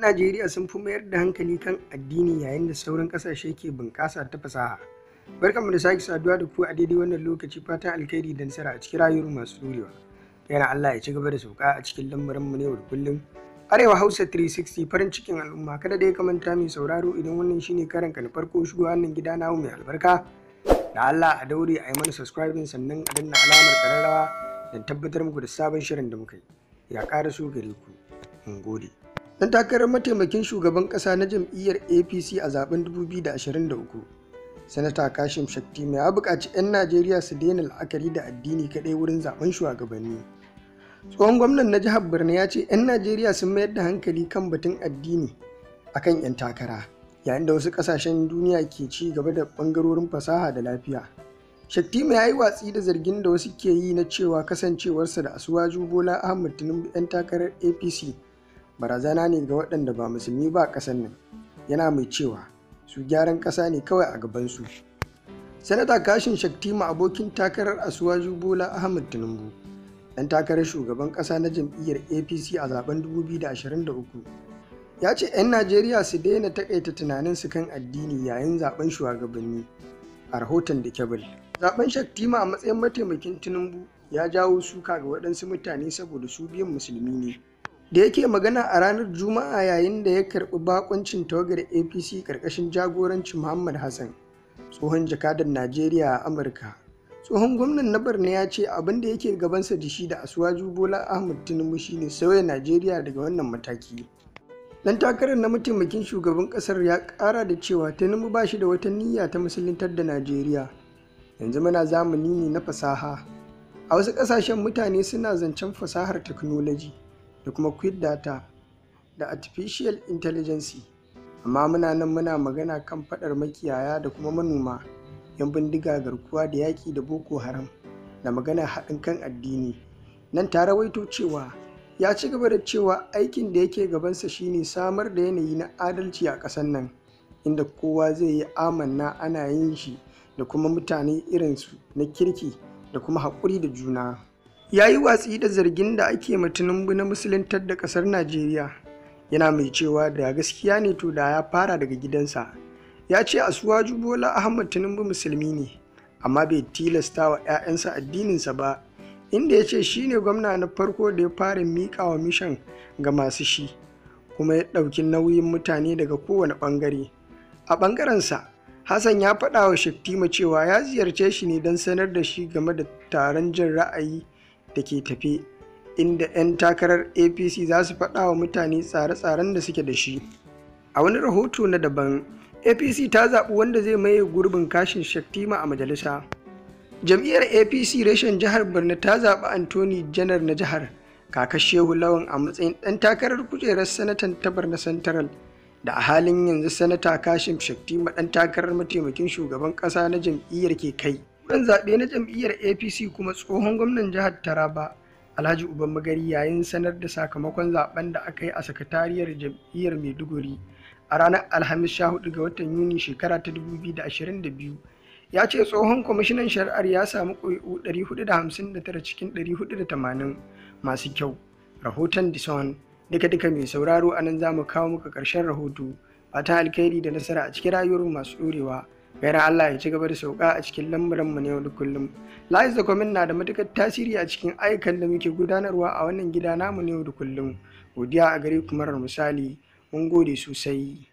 Najeriya sun fi mayar da hankali kan addini yayin da sauran kasashe ke bunƙasa ta fasaha. Barkanmu da sake saduwa da ku a daidai wannan lokaci fatan alkhairi da nasara a cikin rayuwar masu dorewa. Yana Allah ya ci gaba da sauka a cikin lambarin mu ne da kullum. Arewa Hausa 360 farin cikin al'umma kada da ya kamanta mai sauraro idan wannan shine karan ka na farko shigo wannan gida na mai albarka. Da Allah a daure a yi mana subscribing sannan a danna alamar kararrawa don tabbatar muku da sabon shirin da muka yi. Ya ƙara so gare ku. Mun gode. dan takarar mataimakin shugaban ƙasa na jam'iyyar apc a zaben 2023 sanata kashim shaktima ya buƙaci 'yan najeriya su daina la'akari da addini kaɗai wurin zaben shugabanni tsohon gwamnan na jihar borno ya ce 'yan najeriya sun mayar da hankali kan batun addini akan 'yan takara yayin da wasu ƙasashen duniya ke ci gaba da ɓangarorin fasaha da lafiya Shaktima ya yi watsi da zargin da wasu ke yi na cewa kasancewarsa da asuwaju Bola Ahmad Tinubu 'yan takarar APC barazana ne ga waɗanda ba musulmi ba ƙasar nan yana mai cewa su gyaran ƙasa ne kawai a gabansu sanata kashin shaktima abokin takarar asuwaju bola ahmad tinubu ɗan takarar shugaban ƙasa na jam'iyyar apc a zaben 2023 ya ce 'yan najeriya su daina takaita tunaninsu kan addini yayin zaben shugabanni a rahoton da kebul zaben shaktima a matsayin mataimakin tinubu ya jawo suka ga waɗansu mutane saboda su biyan musulmi ne da yake magana a ranar juma'a yayin da ya karɓi bakoncin tawagar apc karkashin jagorancin muhammad hassan tsohon jakadan najeriya a amurka tsohon gwamnan na Barna ya ce abin da yake gabansa da shi da asuwaju bola ahmad tinubu shine sauya najeriya daga wannan mataki dan takarar na mataimakin shugaban kasar ya kara da cewa tinubu ba shi da wata niyya ta musuluntar da najeriya yanzu muna zamani ne na fasaha a wasu ƙasashen mutane suna zancen fasahar teknoloji da kuma quick data da artificial intelligence amma muna nan muna magana kan fadar makiyaya da kuma manoma yan bindiga garkuwa da yaƙi da boko haram da magana haɗin kan addini nan ta rawaito cewa ya ci gaba da cewa aikin da yake gabansa shine samar da yanayi na adalci a ƙasar nan inda kowa zai yi amanna ana yin shi da kuma mutane irinsu na kirki da kuma haƙuri da juna ya yi watsi da zargin da ake matunumbu na musuluntar da ƙasar najeriya yana mai cewa da gaskiya ne to da ya fara daga gidansa ya ce asuwaju bola ahmad tinubu musulmi ne amma bai tilasta wa 'ya'yansa addininsa ba inda ya ce shi ne gwamna na farko da ya fara miƙa wa mishan ga masu shi kuma ya ɗauki nauyin mutane daga kowane ɓangare a ɓangarensa hassan ya faɗa wa shaktima cewa ya ziyarce shi ne don sanar da shi game da taron jin ra'ayi da ke tafe inda 'yan takarar apc za su faɗa wa mutane tsare-tsaren da suke da shi a wani rahoto na daban apc ta zaɓi wanda zai maye gurbin kashin shaktima a majalisa jam'iyyar apc reshen jihar borno ta zaɓi antoni janar na jihar kaka shehu lawan a matsayin ɗan takarar kujerar sanatan tabar na central da a halin yanzu sanata kashin shaktima ɗan takarar mataimakin shugaban ƙasa na jam'iyyar ke kai Ban zaɓe na jam'iyyar APC kuma tsohon gwamnan jihar Taraba Alhaji Uban Magari yayin sanar da sakamakon zaben da aka yi a sakatariyar jam'iyyar Maiduguri a ranar Alhamis 14 ga watan Yuni shekara ta 2022 ya ce tsohon kwamishinan shari'ar ya samu ƙuri'u 459 cikin 480 masu kyau. Rahoton Dison duka-duka mai sauraro a nan za mu kawo muka ƙarshen rahoto fatan alkhairi da nasara a cikin rayuwar masu ɗorewa. Gaira Allah ya ci gaba da sauka a cikin lamuranmu na yau da kullum. Lies da comment na da matukar tasiri a cikin ayyukan da muke gudanarwa a wannan gida namu na yau da kullum. Godiya a gare ku marar misali, mun gode sosai.